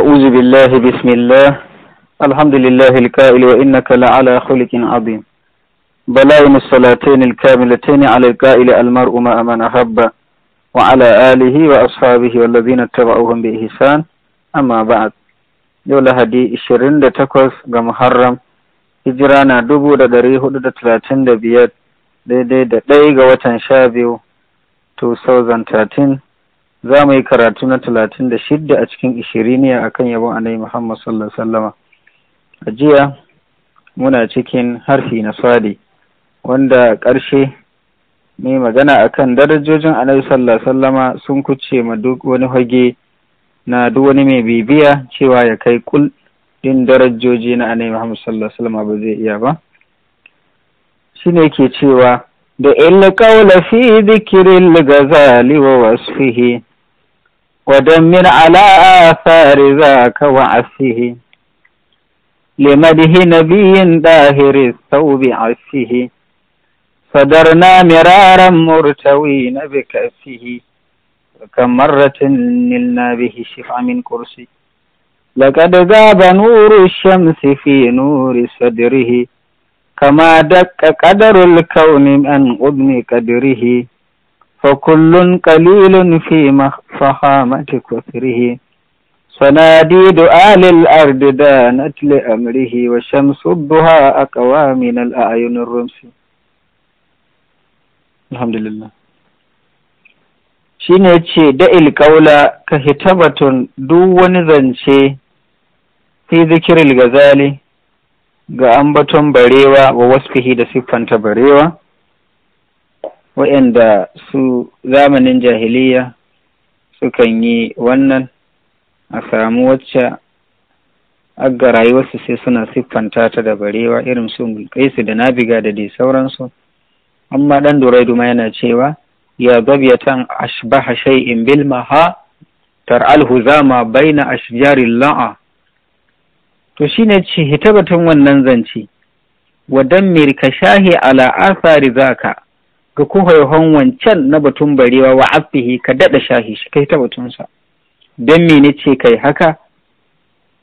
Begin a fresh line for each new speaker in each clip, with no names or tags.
أعوذ بالله بسم الله الحمد لله الكائل وإنك لعلى خلق عظيم بلائم الصلاتين الكاملتين على الكائل المرء ما من أحب وعلى آله وأصحابه والذين اتبعوهم بإحسان أما بعد يولا هدي إشرين دتكوز محرم hijira دبو dubu da dari hudu da talatin da biyar 2013 za mu yi karatu na talatin da shidda a cikin ishiriniya a kan yabon annabi Muhammad sallallahu Alaihi wasallama. A jiya muna cikin harfi na swadi wanda ƙarshe mai magana a kan darajojin annabi sallallahu sun kuce ma duk wani hage na duk wani mai bibiya cewa ya kai kul din darajoji na annabi Muhammad sallallahu ba zai iya ba. Shi ne ke cewa da illa qawla fi dhikril ghazali wa wasfihi ودمر على آثار ذاك وعسه لمده نبي داهر الثوب عسه صدرنا مرارا مرتوين بكأسه وكم مرة نلنا به شفع من كرسي لقد ذاب نور الشمس في نور صدره كما دك قدر الكون من قدم قدره فكل قليل في فخامة كثره صناديد آل الأرض دانت لأمره وشمس الضحى أقوى من الأعين الرمس الحمد لله ne ce da'il ilkaula ka hitabatun duk wani zance fi zikirin gazali ga ambaton barewa wa wasfihi da siffanta barewa waɗanda su zamanin jahiliya sukan yi wannan a samu wacce aga rayuwarsu sai suna siffanta ta da barewa irin su mulkaisu da nabiga da dai sauransu amma ɗan durai duma yana cewa ya zabyatan ashbaha shay'in bil maha tar alhuzama baina ashjaril la'a to shine ce batun wannan zance wadan mirka shahi ala asari zaka ga kuhaihon wancan na batun barewa wa affihi ka daɗa shahi shi kai ta batunsa don mene ce kai haka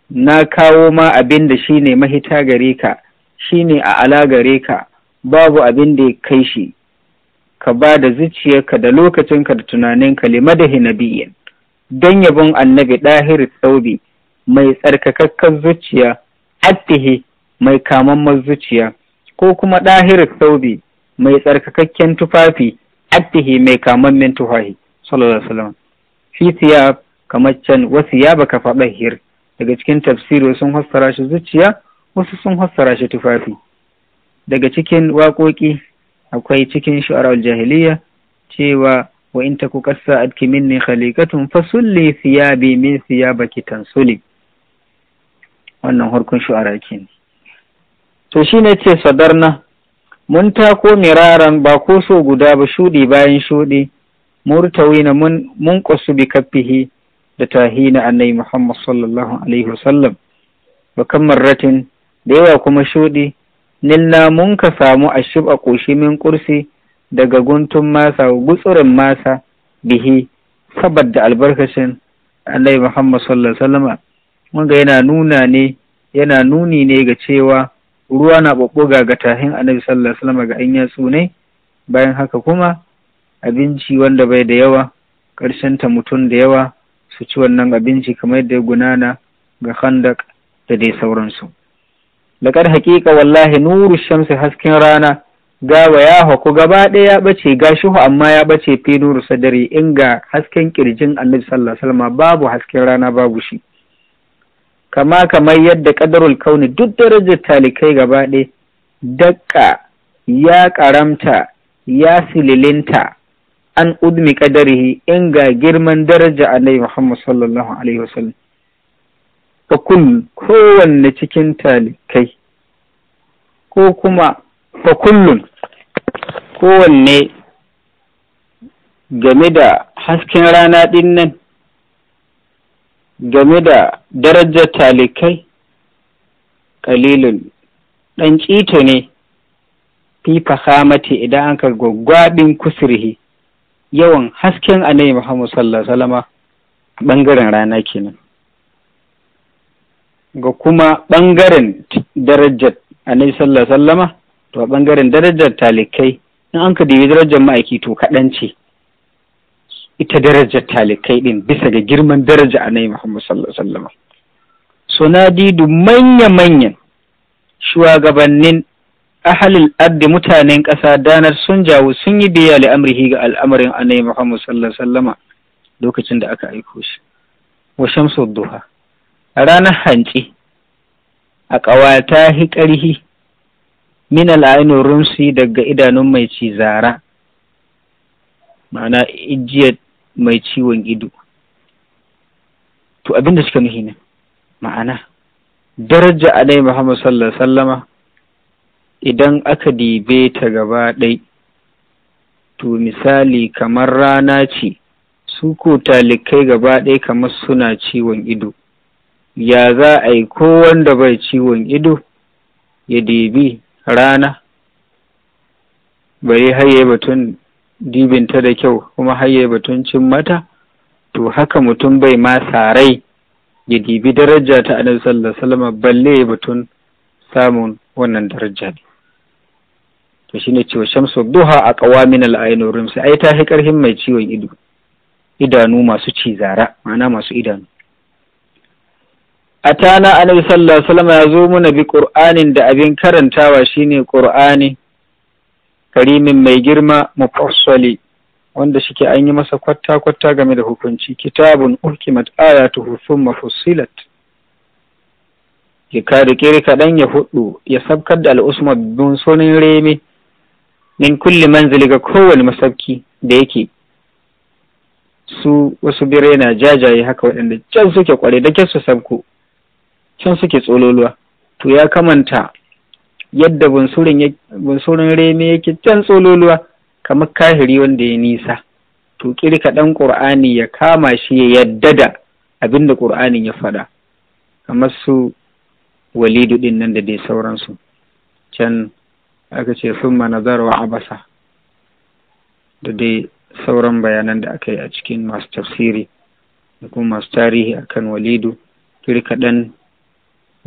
na kawo ma abin da shi ne mahita gare ka shi ne a ala gare ka babu abin da ya kai shi ka ba da zuciyarka da lokacinka da tunaninka limadahi nabiyin don yabon annabi ɗahir tsaubi mai tsarkakakken zuciya attihi mai kamammar zuciya ko kuma ɗahir tsaubi mai tsarkakakken tufafi attihi mai kamammen tufafi sallallahu alaihi wasallam fi siyab kamar can wasu ya baka faɗahir daga cikin tafsiri sun hassara shi zuciya wasu sun hasara shi tufafi daga cikin waƙoƙi akwai cikin shu'arar jahiliya cewa wa in taku qassa adki minni khaliqatun fasulli thiyabi min thiyabaki tansuli wannan harkun shu'ara ne. to shine ce sadarna mun tako miraran ba ko so guda ba shuɗi bayan shuɗi murtawina mun mun qasu bi kaffihi da tahina annai Muhammad sallallahu alaihi wasallam ba kan marratin da yawa kuma shuɗi nilna mun ka samu a shib a min ƙursi daga guntun masa gutsurin masa bihi saboda albarkacin annai Muhammad sallallahu alaihi wasallam mun ga yana nuna ne yana nuni ne ga cewa ruwa na ɓaɓɓoga ga tahin annabi sallallahu alaihi wasallam ga an ya ne bayan haka kuma abinci wanda bai da yawa ƙarshen ta mutum da yawa su ci wannan abinci kamar yadda ya gunana ga khandak da dai sauransu laƙar haƙiƙa wallahi nuru shamsi hasken rana gawa ya haku gaba ɗaya ya ɓace gashihu amma ya ɓace fi nuru sadari inga hasken ƙirjin annabi sallallahu alaihi wasallam babu hasken rana babu shi kama kamar yadda ƙadarul kauni duk darajar talikai gaba ɗaya daƙa ya ƙaramta ya sililinta an udmi ƙadarihi in ga girman daraja annabi Muhammad sallallahu alaihi wasallam ka kun kowanne cikin talikai ko kuma fa kullum kowanne game da hasken rana ɗin nan game da darajar talikai kalilin ɗan cito ne fi fahamati idan an ka gwaggwaɓin kusurhi yawan hasken annabi Muhammad sallallahu alaihi wasallama ɓangaren rana kenan ga kuma ɓangaren darajar annabi sallallahu alaihi to a ɓangaren darajar talikai in an ka dubi darajar ma'aiki to kaɗan ce ita darajar talikai din bisa ga girman daraja annabi Muhammad sallallahu alaihi wasallam so na didu manya manyan shugabannin ahalil addi mutanen ƙasa danar sun jawo sun yi biya amrihi ga al'amarin annabi Muhammad sallallahu alaihi wasallam lokacin da aka aiko shi wa shamsu duha a ranar hanci a ƙawata hi ƙarhi min al'ainu rumsi daga idanun mai cizara ma'ana ijiyar mai ciwon ido to abin da suka nuhi ma'ana daraja alai muhammad sallallahu sallama idan aka dibe ta gaba ɗai to misali kamar rana ce su ko talikai gaba ɗai kamar suna ciwon ido ya za a yi ko bai ciwon ido ya dibi rana bari haye batun dibinta da kyau kuma har ya batuncin mata to haka mutum bai ma sarai ya dibi daraja ta annabi sallallahu alaihi wasallam balle ya batun samun wannan daraja ne to shine cewa shamsu duha a qawamin al-ainu rumsi ai ta fi mai ciwon ido idanu masu cizara ma'ana masu idanu atana annabi sallallahu alaihi wasallam ya zo na bi qur'anin da abin karantawa shine qur'ani karimin mai girma mufassali wanda shike an yi masa kwatta-kwatta game da hukunci kitabun uhkimat ayatuhu thumma fussilat ya kare kere kaɗan ya hudu ya sabkar da al'usma bin sunan reme min kulli manzili ga kowane masabki da yake su wasu birai na jajaye haka waɗanda can suke kware da su sabko can suke tsololuwa to ya kamanta yadda bunsurin reme yake can tsololuwa kamar kahiri wanda ya nisa to kiri kaɗan ƙur'ani ya kama shi ya yadda da abin da ƙur'anin ya faɗa kamar su walidu ɗin nan da dai sauransu can aka ce sun wa abasa da dai sauran bayanan da aka yi a cikin masu tafsiri da kuma masu tarihi akan walidu kiri kaɗan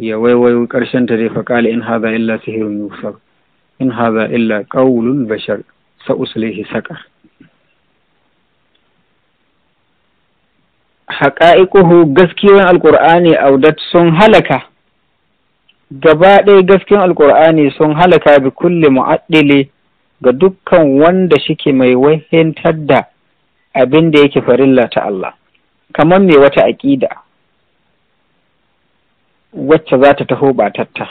ya waiwai ƙarshen ta zai faƙali in haza illa sihirun yusuf in haza illa ƙaulun bashar sa'uslihi saƙar haƙa'iƙuhu gaskiyoyin alƙur'ani audat sun halaka gaba ɗaya gaskiyan alƙur'ani sun halaka bi kulle mu'addili ga dukkan wanda shike mai wahintar da abin da yake farilla ta Allah kamar mai wata aƙida wacce za ta taho ba tatta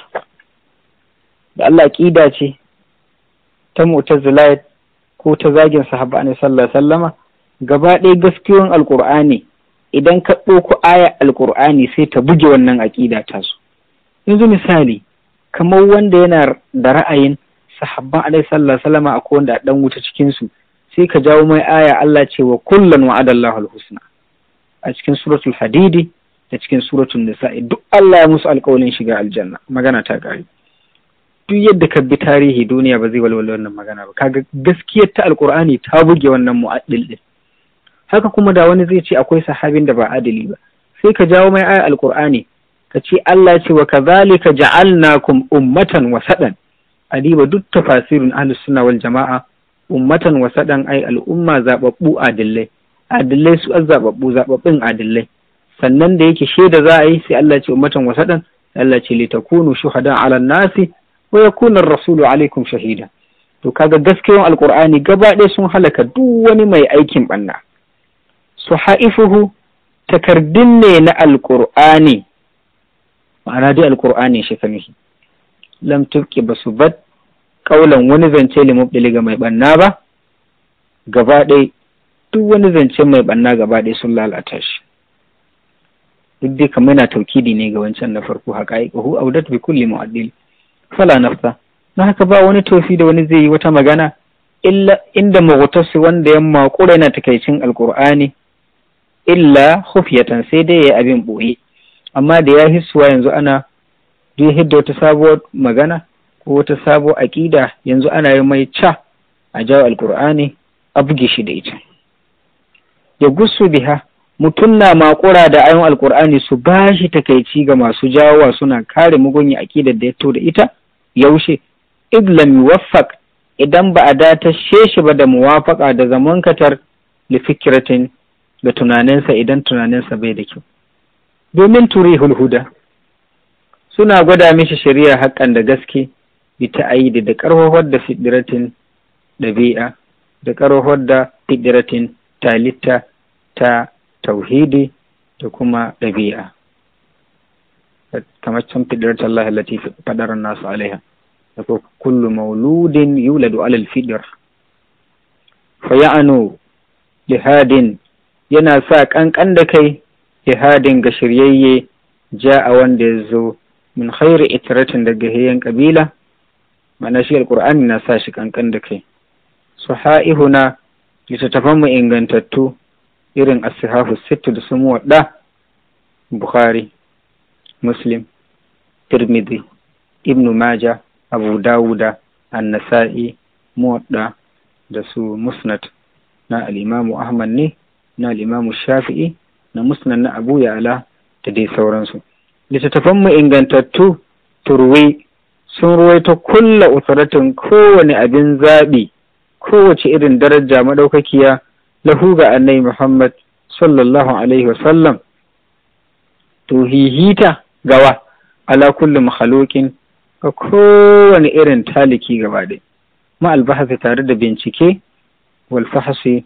da Allah ƙida ce ta mu'tazila ko ta zagin sahaba ne sallallahu sallama gaba ɗaya gaskiyoyin alkur'ani idan ka ɗauko aya alkur'ani sai ta buge wannan aƙida ta su yanzu misali kamar wanda yana da ra'ayin sahabban alaihi sallallahu sallama a wanda ɗan wuta cikin su sai ka jawo mai aya Allah ce wa kullun wa'adallahu alhusna a cikin suratul hadidi da cikin suratun nisa'i duk Allah ya musu alƙawarin shiga aljanna magana ta ƙare duk yadda ka bi tarihi duniya ba zai walwala wannan magana ba kaga gaskiyar ta alƙur'ani ta buge wannan mu'addil din haka kuma da wani zai ce akwai sahabin da ba adali ba sai ka jawo mai ayar alƙur'ani ka ce Allah ce wa kadhalika ja'alnakum ummatan wasadan adiba duk tafasirin ahlus sunna wal jama'a ummatan wasadan ai al'umma zababbu adillai adillai su azzababbu zababbin adillai sannan da yake shaida za a yi sai Allah ce ummatan wasadan Allah ce li takunu shuhada ala nasi wa yakuna ar-rasulu alaikum shahida to kaga gaskiyan alqur'ani gaba ɗaya sun halaka duk wani mai aikin banna su haifuhu takardun ne na alqur'ani ma'ana dai alqur'ani shi kanihi lam tubqi basu bad kaulan wani zance limubdili ga mai banna ba gaba ɗaya duk wani zance mai banna gaba ɗaya sun lalata shi duk dai kamar yana taukidi ne ga wancan na farko a audat bi kulli mu'addil fala nafsa na haka ba wani tofi da wani zai yi wata magana illa inda mughtasi wanda ya maƙura yana takaicin alqur'ani illa khufiyatan sai dai yayi abin ɓoye. amma da ya hissuwa yanzu ana duk hidda wata sabuwar magana ko wata sabuwar aƙida yanzu ana yi mai ca a jawo alkur'ani a buge shi da ita ya gusu biha mutum na makura da ayon alkur'ani su ba shi takaici ga masu jawowa suna kare mugunyi akidar da ya to da ita yaushe idlam waffaq idan ba a data shi ba da muwafaka da zaman katar lifikiratin da tunaninsa idan tunaninsa bai da kyau domin turi hulhuda suna gwada mishi shari'a haƙƙan da gaske a ta'aidi da ƙarfafar da fidiratin ɗabi'a da ƙarfafar da fidiratin talitta ta tauhidi da kuma ɗabi'a kamar can fidar Allah allati fadar nasu alaiha da ko kullu mauludin yuladu alal fidar fa ya'anu lihadin yana sa ƙanƙan da kai lihadin ga shiryayye ja a wanda ya zo min khairi itiratin daga hiyan kabila mana shi alqur'ani na sa shi ƙanƙan da kai su ha'ihuna littattafanmu ingantattu irin asihafu sittu da su waɗa bukhari muslim tirmidhi ibn maja abu dawuda annasa'i muwadda da su musnad na al'imamu ahmad ne na al'imamu shafi'i na musnad na abu ya'ala da dai sauransu littattafan mu ingantattu turwi sun ruwaito kulla usratin kowane abin zaɓi kowace irin daraja maɗaukakiya lahu ga annai Muhammad sallallahu alaihi wasallam to hihita gawa ala kulli makhluqin a kowane irin taliki gaba dai ma albahasi tare da bincike wal fahasi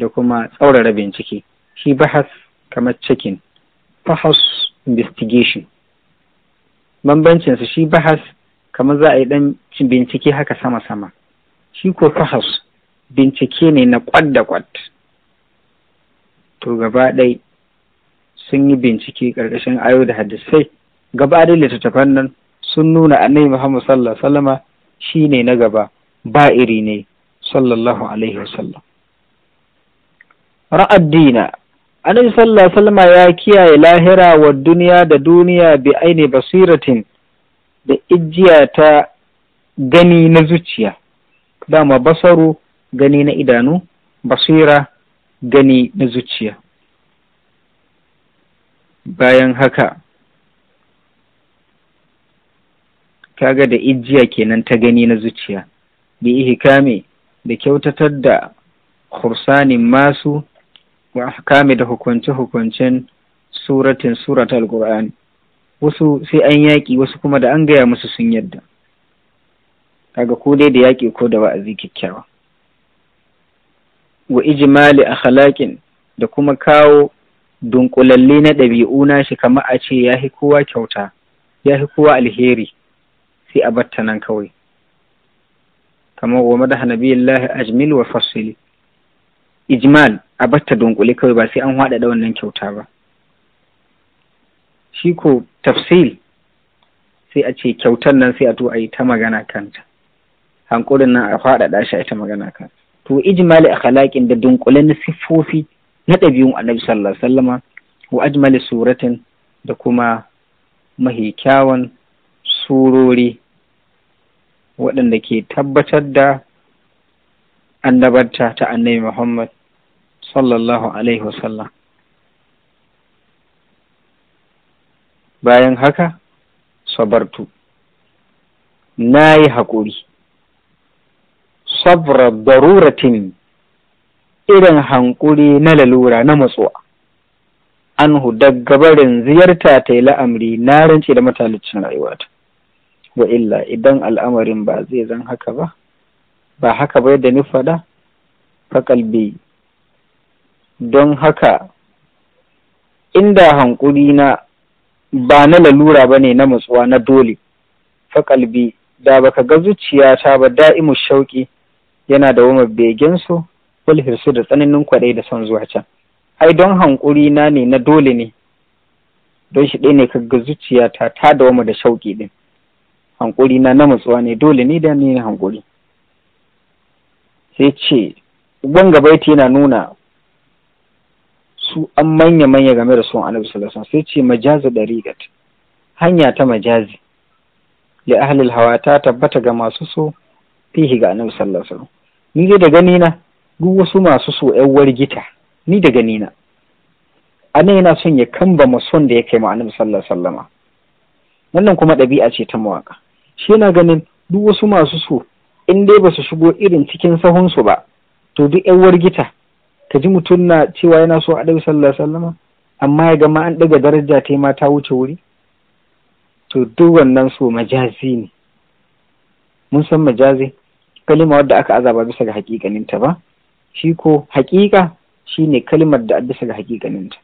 da kuma tsaurara bincike shi bahas kamar cikin fahas investigation bambancinsa shi bahas kamar za a yi ɗan bincike haka sama-sama shi ko fahas bincike ne na kwad da kwad to gaba ɗai sun yi bincike ƙarƙashin ayo da hadisai gaba ɗai littattafan nan sun nuna annabi Muhammad sallallahu alaihi shine na gaba ba iri ne sallallahu alaihi wasallam ra'addina annabi sallallahu alaihi ya kiyaye lahira wa duniya da duniya bi aini basiratin da ijiya ta gani na zuciya dama basaru gani na idanu basira gani na zuciya bayan haka kaga da ijiya kenan ta gani na zuciya bi ihkame da kyautatar da kursanin masu wa da hukunce-hukuncen suratin surat alkur'ani wasu sai an yaƙi wasu kuma da an gaya musu sun yadda kaga ko dai da yaƙi ko da wa'azi kyakkyawa wa ijmali akhlaqin da kuma kawo dunkulalle na ɗabi'u na shi kama a ce ya fi kowa kyauta ya fi kowa alheri sai a batta nan kawai kamar wa madaha nabiyillahi ajmil wa fasili ijmal a batta dunkule kawai ba sai an haɗaɗa wannan kyauta ba shi ko tafsil sai a ce kyautar nan sai a to a yi ta magana kanta hankulin nan a faɗaɗa shi a yi ta magana kanta to ijmali akhlaqin da na siffofi na ɗabi'un annabi sallallahu alaihi wasallama wa ajmali suratin da kuma mahi kyawun surori waɗanda ke tabbatar da annabarta ta annabi Muhammad sallallahu alaihi wasallam bayan haka sabartu na yi haƙuri sabra daruratin irin hankuri na lalura na matsuwa anhu gabarin ziyarta ta yi la'amri na rance da matalicin rayuwata wa illa idan al'amarin ba zai zan haka ba ba haka ba yadda ni faɗa fa don haka inda hankuri na ba na lalura ba ne na matsuwa na dole fa da baka ga zuciyata ba da'imu shauƙi yana da wama su wal hirsu da tsananin kwaɗai da son zuwa can ai don hankuri na ne na dole ne don shi ɗaya ne kaga zuciyata ta da wama da shauƙi ɗin hankuri na na matsuwa ne dole ne da ne hankuri sai ce wanga baiti yana nuna su an manya manya game da son annabi sallallahu alaihi sai ce majazu dariqat hanya ta majazi li ahlil hawa ta tabbata ga masu so fihi ga annabi sallallahu alaihi ni dai da gani na duk wasu masu so yan wargita ni da gani na anan yana son ya kamba mason da ya kai ma'anin sallar sallama. wannan kuma ɗabi'a ce ta mawaka shi yana ganin duk wasu masu so in dai ba su shigo irin cikin sahunsu ba to duk yan wargita ka ji mutum na cewa yana so a ɗabi sallar sallama? amma ya gama an ɗaga daraja ta ma ta wuce wuri to duk wannan so majazi ne mun san majazi kalima wadda aka azaba bisa ga hakikaninta ba shi ko hakika shine kalimar da bisa ga hakikaninta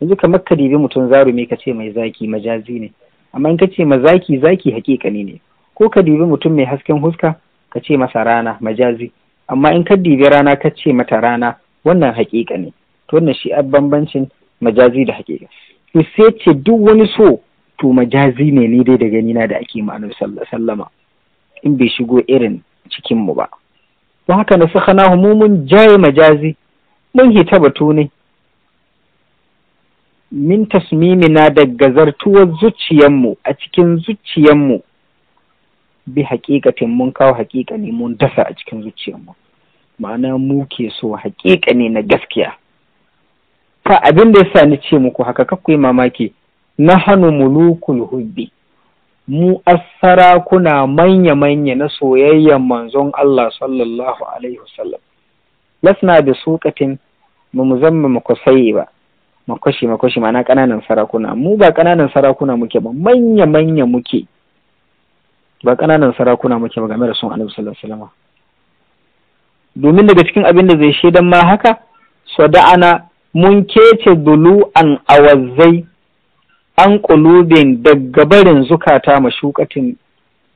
yanzu kamar ka dibi mutum zarumi ka ce mai zaki majazi ne amma in ka ce mazaki zaki hakikani ne ko ka dibi mutum mai hasken huska ka ce masa rana majazi amma in ka dibi rana ka ce mata rana wannan hakika ne to wannan shi bambancin majazi da hakika to sai ce duk wani so to majazi ne ni dai da ganina da ake ma'anar sallama in bai shigo irin cikinmu ba don haka na suka mu mun jaye majazi mun hita batu ne min tasmimina da gazartuwar zuciyanmu a cikin zuciyanmu bi haƙiƙatin mun kawo haƙiƙani mun dasa a cikin zuciyarmu, ma'ana mu ke so haƙiƙani na gaskiya fa abin da ya sa ni ce muku haka kakwai mamaki na hannu mulukul hubbi mu as-sarakuna manya-manya na soyayyan manzon Allah sallallahu alaihi wasallam lasna da suƙatin ba mu zama makwasai ba makwashi makwashi mana ƙananan sarakuna mu ba ƙananan sarakuna muke ba manya-manya muke ba ƙananan sarakuna muke ba game da sun annabi sallallahu alaihi wasallam domin daga cikin abin da zai shaidan ma haka sada'ana mun kece dulu an awazzai an ƙulubin daga barin zukata shukatin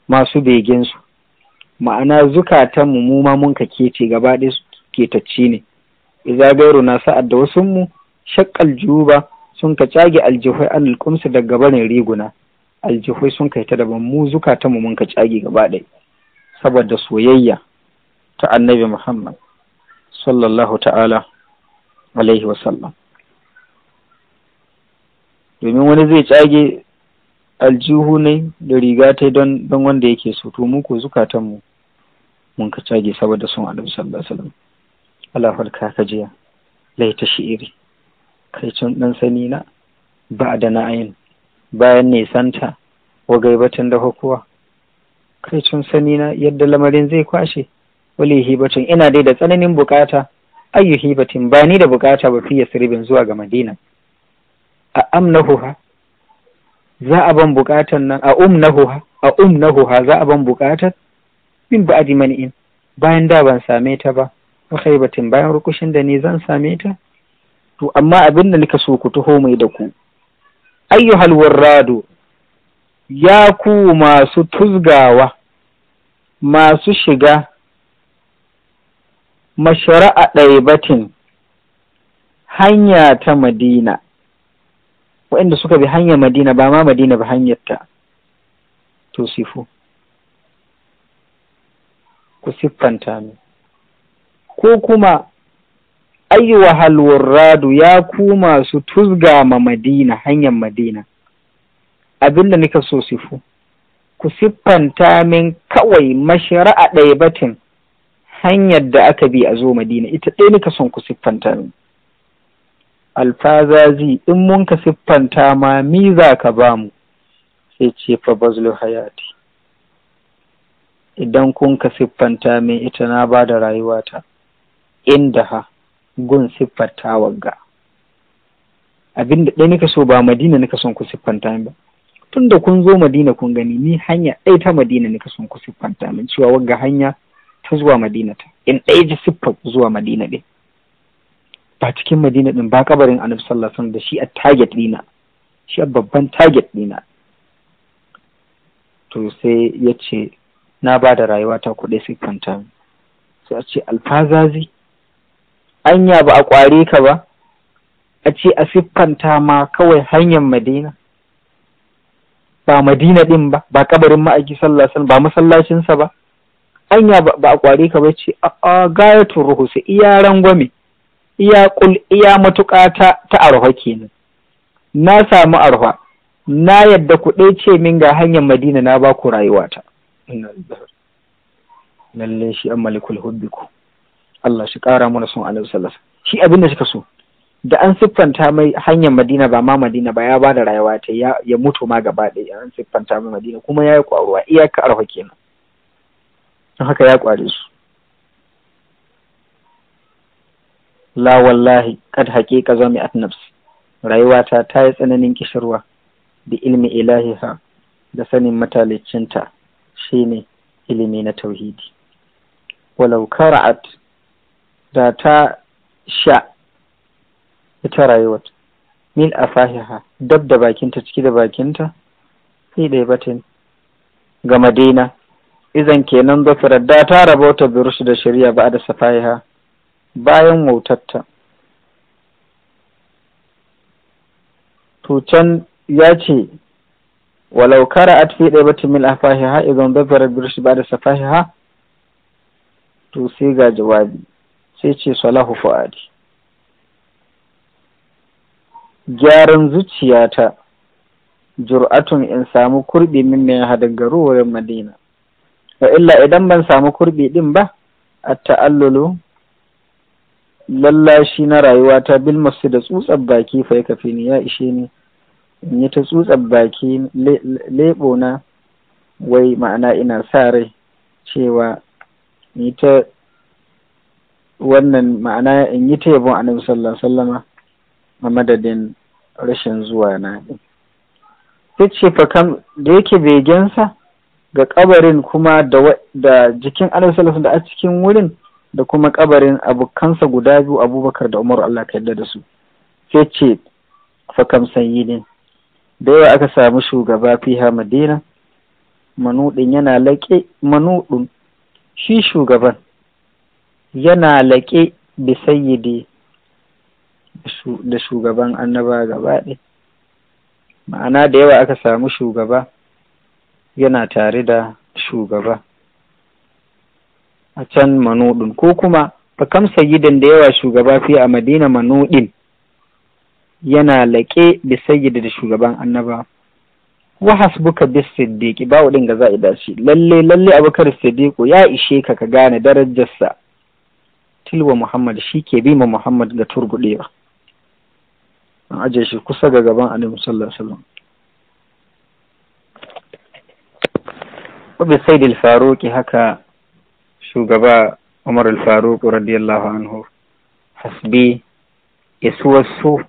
masu su, ma'ana zukatan mu mu ma mun kake ce gaba ɗaya ketacci ne iza gairu na sa'ad da wasu mu shakkal juba sun ka cage aljihai an kumsu daga barin riguna aljihai sun kai ta daban mu zukatan mu mun ka cage gaba ɗaya saboda soyayya ta annabi muhammad sallallahu ta'ala alaihi wasallam domin wani zai cage aljihu ne da riga ta don don wanda yake so to mu ko zukatan mu mun ka cage saboda sun annabi sallallahu alaihi wasallam Allah farka ka jiya laita shi'iri kai can dan sani na ba da na'ayin bayan santa wa gaibatin da hukuwa kai can sani na yadda lamarin zai kwashe wali hibatin ina dai da tsananin bukata ayyu hibatin ba ni da bukata ba fiye siribin zuwa ga madina a amnahuha za a ban bukatan nan a umnahuha a umnahuha za a ban bukatar min mani in, bayan da ban same ta ba wa haibatin bayan rukushin da ne zan same ta to amma abin da nika so ku taho mai da ku ayyuhal Rado ya ku masu tuzgawa masu shiga mashara'a batin hanya ta madina waɗanda suka bi hanyar madina ba ma madina ba hanyar ta to sifu ku siffanta ne ko kuma ayyuwa halwar radu ya ku masu tuzga ma madina hanyar madina abinda nika so sifu ku siffanta min kawai mashara'a ɗaya batin hanyar da aka bi a zo madina ita ɗaya nika son ku siffanta min alfazazi in mun ka siffanta ma mi za ka ba mu sai ce fa bazlu hayati idan kun ka siffanta min ita na ba da rayuwata inda ha gun siffanta wagga abin da ɗaya nika so ba madina nika son ku siffanta min ba tun da kun zo madina kun gani ni hanya ɗaya ta madina nika son ku siffanta min cewa wagga hanya ta zuwa madina ta in ɗaya ji siffar zuwa madina ɗin ba cikin madina din ba kabarin annabi sallallahu alaihi da shi a target dina shi a babban target dina to sai ya ce na ba da rayuwata kuɗi sai kanta sai a ce alfazazi anya ba a kware ka ba a ce a siffanta ma kawai hanyar madina ba madina din ba ba kabarin ma'aiki sallasan ba masallacinsa ba anya ba a kware ka ba ce a gayatun ruhu sai iya rangwame iya kul iya matuƙa ta ta arha kenan na samu arha na yadda ku ɗaya ce min ga hanyar madina na ba ku rayuwata lalle shi an malikul hubbiku Allah shi ƙara mana son annabi sallallahu shi abin da suka so da an siffanta mai hanyar madina ba ma madina ba ya ba da rayuwa ta ya, mutu ma gaba ɗaya an siffanta mai madina kuma ya yi ƙwaruwa iyaka arha kenan haka ya ƙware su la wallahi kad haƙiƙa zami at nafsi rayuwata ta yi tsananin kishirwa da ilmi ilahiha da sanin matalicinta shine ilimi na tauhidi walau kara'at da ta sha ita rayuwar mil a fahiha dab da bakinta ciki da bakinta fi batin ga madina izan kenan zafirar da ta rabauta birushi da shari'a ba da safahiha bayan wautarta to ya ce walau kara a fi ɗaya batun mil a afahiha idan dabbar birshi ba da safahiha to sai ga jawabi sai ce salahu fa'adi. gyaran zuciyata jur'atun in samu kurbi min mai hadagaruwar madina wa illa idan ban samu kurbi din ba a ta'allulu lallashi na rayuwata bil masu da tsutsar baki fa ya kafe ni ya ishe ni in yi ta tsutsar baki leɓo na wai ma'ana ina sa rai cewa ni ta wannan ma'ana in yi ta yabon annabi sallallahu alaihi a madadin rashin zuwa na Ta ce fa kam da yake begensa ga kabarin kuma da jikin annabi sallallahu alaihi da a cikin wurin da kuma kabarin abokansa guda biyu abubakar da umaru allah ka yarda da su sai ce fakam ne. da yawa aka samu shugaba fiha madina manudin yana laƙe manudin shi shugaban yana laƙe da sayyidi da shugaban annaba gaba ma'ana da yawa aka samu shugaba yana tare da shugaba a can manudin ko kuma ka kam sayyidan da yawa shugaba fi a madina manudin yana laƙe da sayyida da shugaban annaba wa hasbuka bis siddiqi bawo din ga za'i dace. lalle lalle abubakar siddiqo ya ishe ka ka gane darajarsa tilwa muhammad shi ke bi ma muhammad ga turgudewa an aje shi kusa ga gaban annabi sallallahu alaihi wasallam wa bi sayyidil faruqi haka shugaba umar al-faruq radiyallahu anhu hasbi wasu.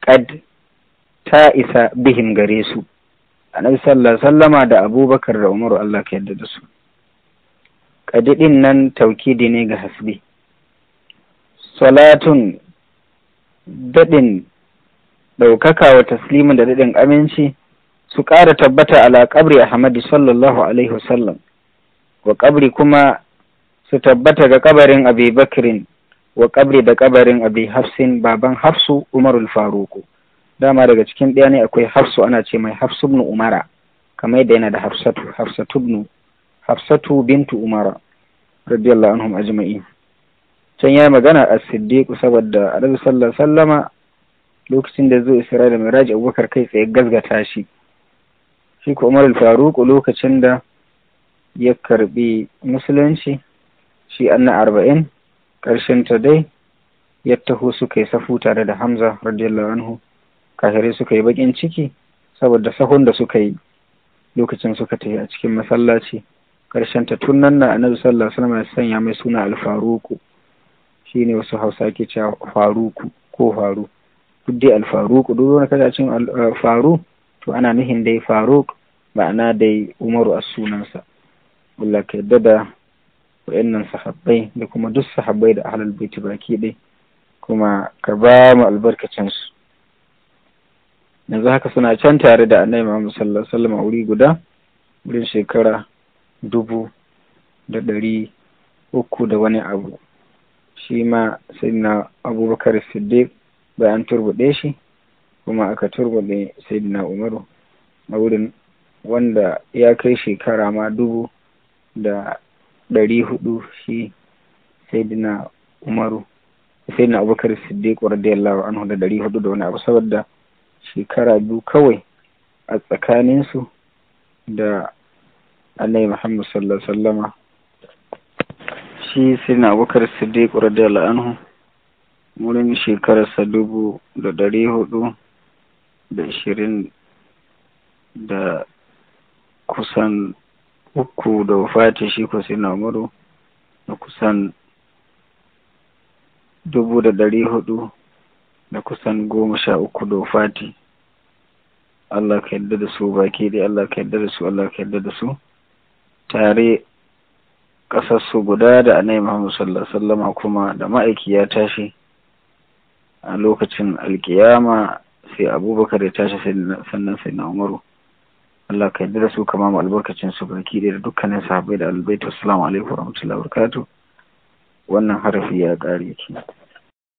kad ta isa bihim gare su annabi sallallahu sallama da abubakar da umaru allah ka yarda da su kadidin nan taukidi ne ga hasbi salatun daɗin ɗaukaka wa taslimin da daɗin aminci su ƙara tabbata ala ƙabri ahmadi sallallahu alaihi wasallam wa ƙabri kuma su tabbata ga kabarin abi bakirin wa kabri da kabarin abi hafsin baban hafsu umarul faruku dama daga cikin ɗaya ne akwai hafsu ana ce mai hafsu ibn umara kamar yadda yana da hafsatu hafsatu ibn hafsatu bintu umara radiyallahu anhum ajma'in can ya magana a siddiq saboda annabi sallallahu alaihi wasallama lokacin da zuwa isra'ila da miraji abubakar kai tsaye gazgata shi shi ko umar faruku lokacin da ya karbi musulunci shi an na arba'in ta dai ya taho suka yi safu tare da hamza radiyallahu anhu kafirai suka yi baƙin ciki saboda sahun da suka yi lokacin suka tafi a cikin masallaci ta tun nan na annabi sallallahu alaihi wasallam ya sanya mai suna alfaruku shine wasu hausa ke cewa faruku ko faru duk dai alfaruku duk wani kaza cin eh, faru to ana nuhin dai faruk ma'ana dai umaru a sunansa Allah ka yadda da wa'annan sahabbai da kuma duk sahabbai da ahlul baiti baki ɗaya kuma ka ba mu albarkacin su yanzu haka suna can tare da annabi Muhammad sallallahu alaihi wasallam a wuri guda wurin shekara dubu da ɗari uku da wani abu shi ma sayyidina abubakar siddiq bayan turbuɗe shi kuma aka turbuɗe sayyidina umaru a wurin wanda ya kai shekara ma dubu da ɗari hudu shi dina umaru na abubakar siddiq radiyallahu anhu da ɗari hudu da wani abu saboda shekara biyu kawai a tsakaninsu da annabi muhammad sallallahu alaihi wasallama shi na abubakar siddiq radiyallahu anhu wurin shekararsa dubu da ɗari hudu da ashirin da kusan uku da wafatin shi ko sai na umaru da kusan dubu da dari hudu da kusan goma sha uku da wafati Allah ka yadda da su baki dai Allah ka yadda da su Allah ka yadda da su tare ƙasarsu guda da anai Muhammadu sallallahu alaihi kuma da ma'aiki ya tashi a lokacin alkiyama sai abubakar ya tashi sannan sai na umaru Allah ka yarda da su kama mu albarkacin su baki da dukkanin sahabbai da albaitu assalamu alaikum warahmatullahi wabarakatuh wannan harafi ya ƙare ki